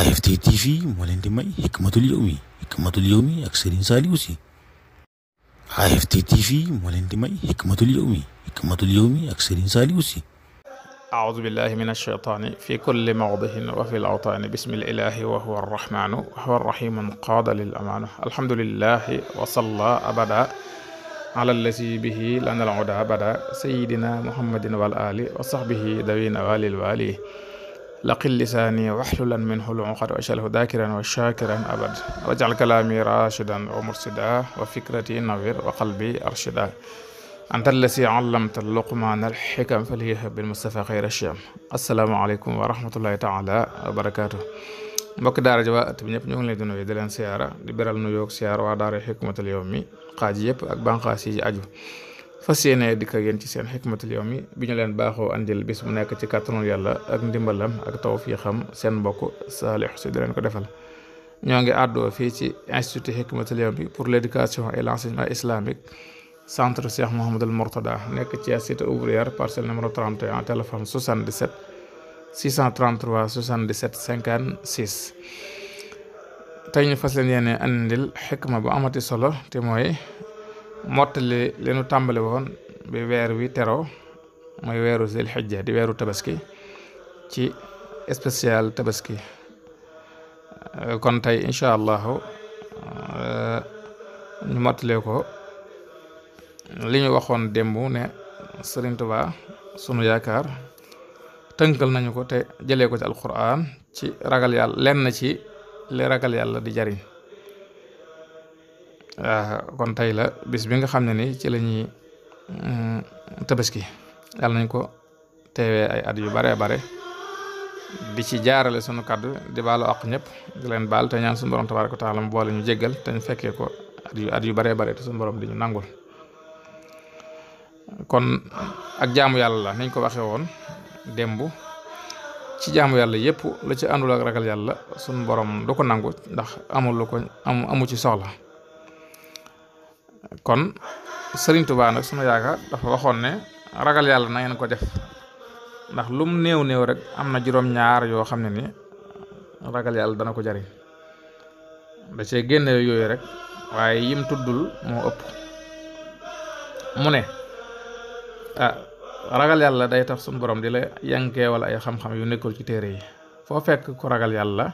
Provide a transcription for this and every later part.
AFT TV moo leen di may Hikmatul Yawmi Hikmatul Yawmi ak Serigne Saliou Sy AFT TV moo leen di may Hikmatul Yawmi Hikmatul Yawmi ak Serigne Saliou Sy أعوذ بالله من الشيطان في كل موضع وفي الأوطان بسم الإله وهو الرحمن وهو الرحيم انقاد للأمان الحمد لله وصلى أبدا على الذي به لنا العدى أبدا سيدنا محمد والآل وصحبه دوين والي الوالي laqil lisaani waxlulan minhu luqad waj'alhu daakiran wa shaakiran abad waj'al kalaami raashidan wa mursida wa fikrati nawir wa qalbi arshida anta allasi allamta luqmaana alxikam falhiha bilmustafa xayra sham asalaamaaleykum wa rahmatullahi taala wa barakaatu mbokki daara ji waa at bi ñëpp ñu ngi leen di nuyu di leen fas yéene di ko ci seen xikmatul yawmi bi ñu leen baaxoo andil bis mu nekk ci kàttanul yàlla ak ndimbalam ak tawfiixam seen mbokk Saalix si di leen ko defal ñoo ngi àddoo fii ci institut xikmatul yawmi pour l'éducation et l'enseignement islamique centre Cheikh Mouhamadul Mourtada nekk ci cité ouvrière parcelle numéro 31 téléphone 77 633 77 56 tey ñu fas leen yéene andil xikma bu amati solo te mooy mottali li nu tàmbali woon bi weer wi teroo mooy weeru zil di weeru tabaski ci spécial tabaski euh, kon tey incha allahu euh, ñu mottalee ko li ñu waxoon démb ne Sëriñ Tuubaa sunu yaakaar tënkal nañu ko te jëlee ko ci alquran ci ragal yàlla lenn ci li ragal yàlla di jariñ Ah, kon tey la bis bi nga xam ne ni ci la ñuy mm, tabaski yàlla nañ ko teewee ay at yu bare bare di ci jaarale sunu kàddu di baalu àq ñëpp di leen baal te ñaan suñu borom tabaaraka taala boole ñu jéggal te ñu fekkee ko at yu at yu bare bare te suñu borom di ñu nangul kon ak jaamu yàlla la nañ ko waxee woon démb ci jaamu yàlla yëpp lu ci àndul ak ragal yàlla suñu borom du ko nangu ndax amul lu ko amu ci soxla kon sëriñ Tuubaa nag sunu yaakaar dafa waxoon ne ragal yàlla na ko def ndax lum néew néew rek am na juróom-ñaar yoo xam ne ni ragal yàlla dana ko jariñ da cee génne yooyu rek waaye yim tuddul moo ëpp mu ne ah ragal yàlla day tax sunu borom di la yankeewal ay xam-xam yu nekkul ci téere yi foo fekk ku ragal yàlla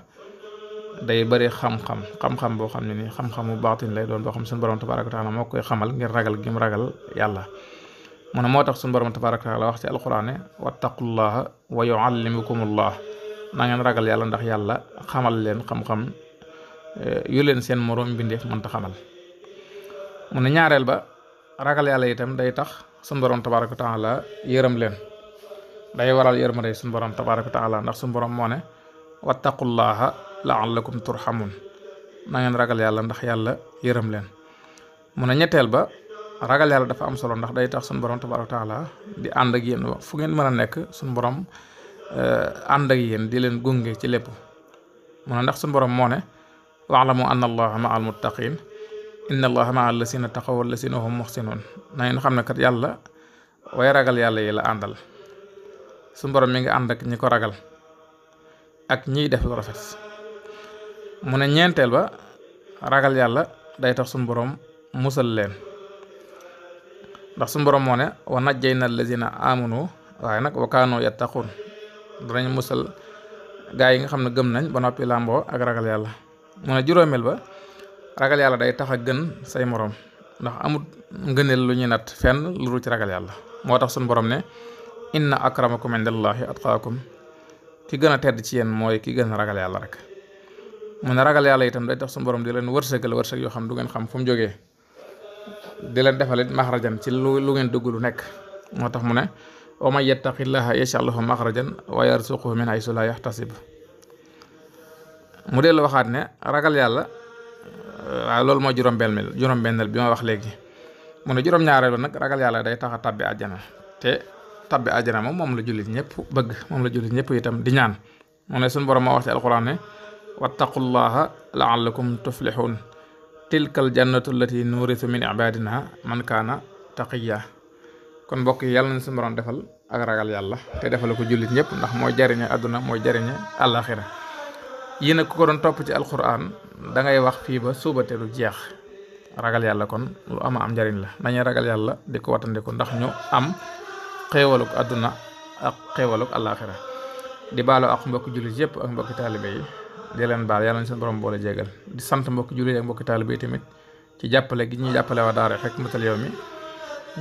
day bëri xam-xam xam-xam boo xam ne ni xam-xamu baatin lay doon boo xam suñu borom tabaraka wa taala moo koy xamal ngir ragal gi ragal yàlla mu ne moo tax suñu borom tabaraka wa taala wax ci alquran ne wattaqullaha wa yuallimukumullah na ngeen ragal yàlla ndax yàlla xamal leen xam-xam eh, leen seen moroom bindeef mënta xamal mu ne ñaareel ba ragal yàlla itam day tax suñu borom tabaraka wa taala yërëm leen day waral yërëm rek suñ borom tabaraka wa taala ndax suñu borom moo ne wattaqullaha laallakum turhamun na ngeen ragal yàlla ndax yàlla yërëm leen mu ne ñetteel ba ragal yàlla dafa am solo ndax day tax suñu borom tabaaraka taala di ànd ak yéen fu ngeen mën a nekk suñu borom eh, ànd ak yéen di leen gunge ci lépp mu ndax suñu borom moo ne waalamu anna allaha ma al muttaqin inna allaha ma allasina taqaw wallasina hum muxsinun na ngeen xam ne kat yàlla way ragal yàlla yi la àndal suñu borom mi ngi ànd ak ñi ko ragal ak ñii def lu rafet mu ne ñeenteel ba ragal yàlla day tax suñu borom musal leen ndax suñu borom moo ne wa najjayna allazina amanu waaye nag wa kaanu yattaqun danañ musal gaa yi nga xam ne gëm nañ ba noppi làmboo ak ragal yàlla mu ne juróomeel ba ragal yàlla day tax a gën say morom ndax amut ngëneel lu ñuy nat fenn lu dul ci ragal yàlla moo tax suñ borom ne inna akramakum indallahi atqaakum ki gën a tedd ci yenn mooy ki gën a ragal yàlla rek mu ne ragal yàlla itam day tax suñu borom di leen wërsëgal wërsëg yoo xam du ngeen xam fu mu jógee di leen defal it maxrajan ci lu lu ngeen dugg lu nekk moo tax mu ne wa man yattaqillaha yaj'al lahu maxrajan wa yarzuqhu min haysu la yaxtasib mu dellu waxaat ne ragal yàlla waaw loolu mooy juróom-benneel juróom-benneel bi ma wax léegi mu ne juróom-ñaareel nag ragal yàlla day tax a tabbi àjjana te tabbi àjjana moom moom la jullit ñëpp bëgg moom la jullit ñëpp itam di ñaan mu ne suñu borom moo wax ci alxuraan ne wattaqullaha laallakum tuflixuun tilkal jannatu allati nuurisu min ibadina man kaana taqiya kon mbokk yi yàlla na suñu borom defal ak ragal yàlla te defal ko jullit ñëpp ndax mooy jariñe àdduna mooy jariñe àllaaxira yii nag ku ko doon topp ci alquran da ngay wax fii ba suba te du jeex ragal yàlla kon lu ama am njariñ la nañu ragal yàlla di ko wattandiku ndax ñu am xéewaluk àdduna ak xéewaluk àllaaxira di baaloo ak mbokki jullit yëpp ak mbokki di leen baal yàlla na seen borom boole jégal di sant mbokki jullit ak mbokki taalibe yi tamit ci jàppale gi ñuy jàppale waa daara Hikmatul mi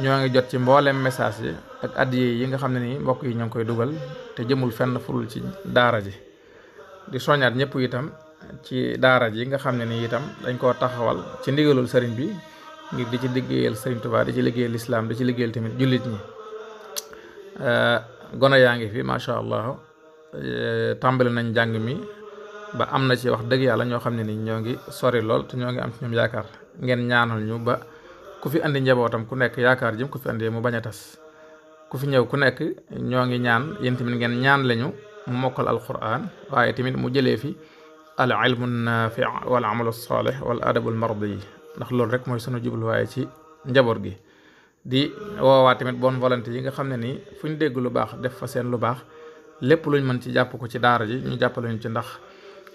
ñoo ngi jot ci mboolem message yi ak addiye yi nga xam ne nii mbokk yi ñoo ngi koy dugal te jëmul fenn furul ci daara ji di soñaat ñëpp itam ci daara ji nga xam ne nii itam dañ koo taxawal ci ndigalul sëriñ bi ngir di ci liggéeyal sëriñ Tuubaa di ci liggéeyal lislaam di ci liggéeyal tamit jullit ñi gone yaa ngi fi macha allah tàmbali nañ jàng mi ba am na ci wax dëgg yàlla ñoo xam ne ni ñoo ngi sori lool te ñoo ngi am ci ñoom yaakaar ngeen ñaanal ñu ba ku fi andi njabootam ku nekk yaakaar jëm ku fi andi mu bañ a tas ku fi ñëw ku nekk ñoo ngi ñaan yéen tamit ngeen ñaan lañu mu mokkal alquran waaye tamit mu jëlee fi al ilmu naafi wal amalu saalih wal adabul mardi yi ndax loolu rek mooy sunu jubluwaay ci njaboot gi di woowaa tamit bonne volonté yi nga xam ne nii fu ñu dégg lu baax def seen lu baax lépp luñ mën ci jàpp ci daara ji ñu jàppale ci ndax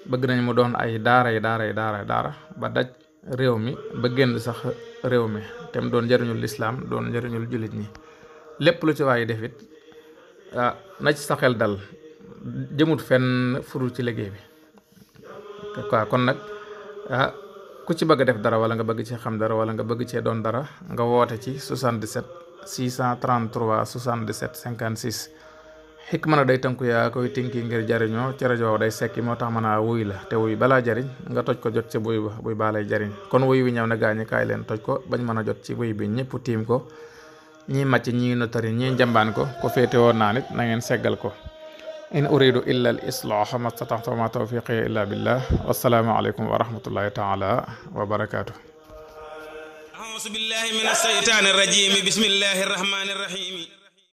bëgg nañ mu doon ay daara yi daara yi daara daara ba daj réew mi ba génn sax réew mi te mu doon njëriñul lislaam doon njëriñul jullit ñi lépp lu ci waay def it ah, na ci sa xel dal jëmut fenn furu ci liggéey bi quoi kon nag ah ku ci bëgg a def dara wala nga bëgg ci xam dara wala nga bëgg cee doon dara nga woote ci 77 633 77 56 xikma na day tënku yaa koy tinki ngir jariñoo ci rajo day sekki moo tax mën a wuy la te wuy balaa jariñ nga toj ko jot ci buy ba buy baa lay jariñ kon wuy wi ñëw na gaañi kaay leen toj ko bañ mën a jot ci buy bi ñëpp tiim ko ñii màcc ñii notari ñii njambaan ko ko féete woon naa nit na ngeen seggal ko in uridu illa al islaaha mastata'tu ma tawfiqi illa billah wassalaamu aleykum wa rahmatullahi taala wa barakaatu auzu billahi min ashaytaani rajim bismillahi rahmaani rahim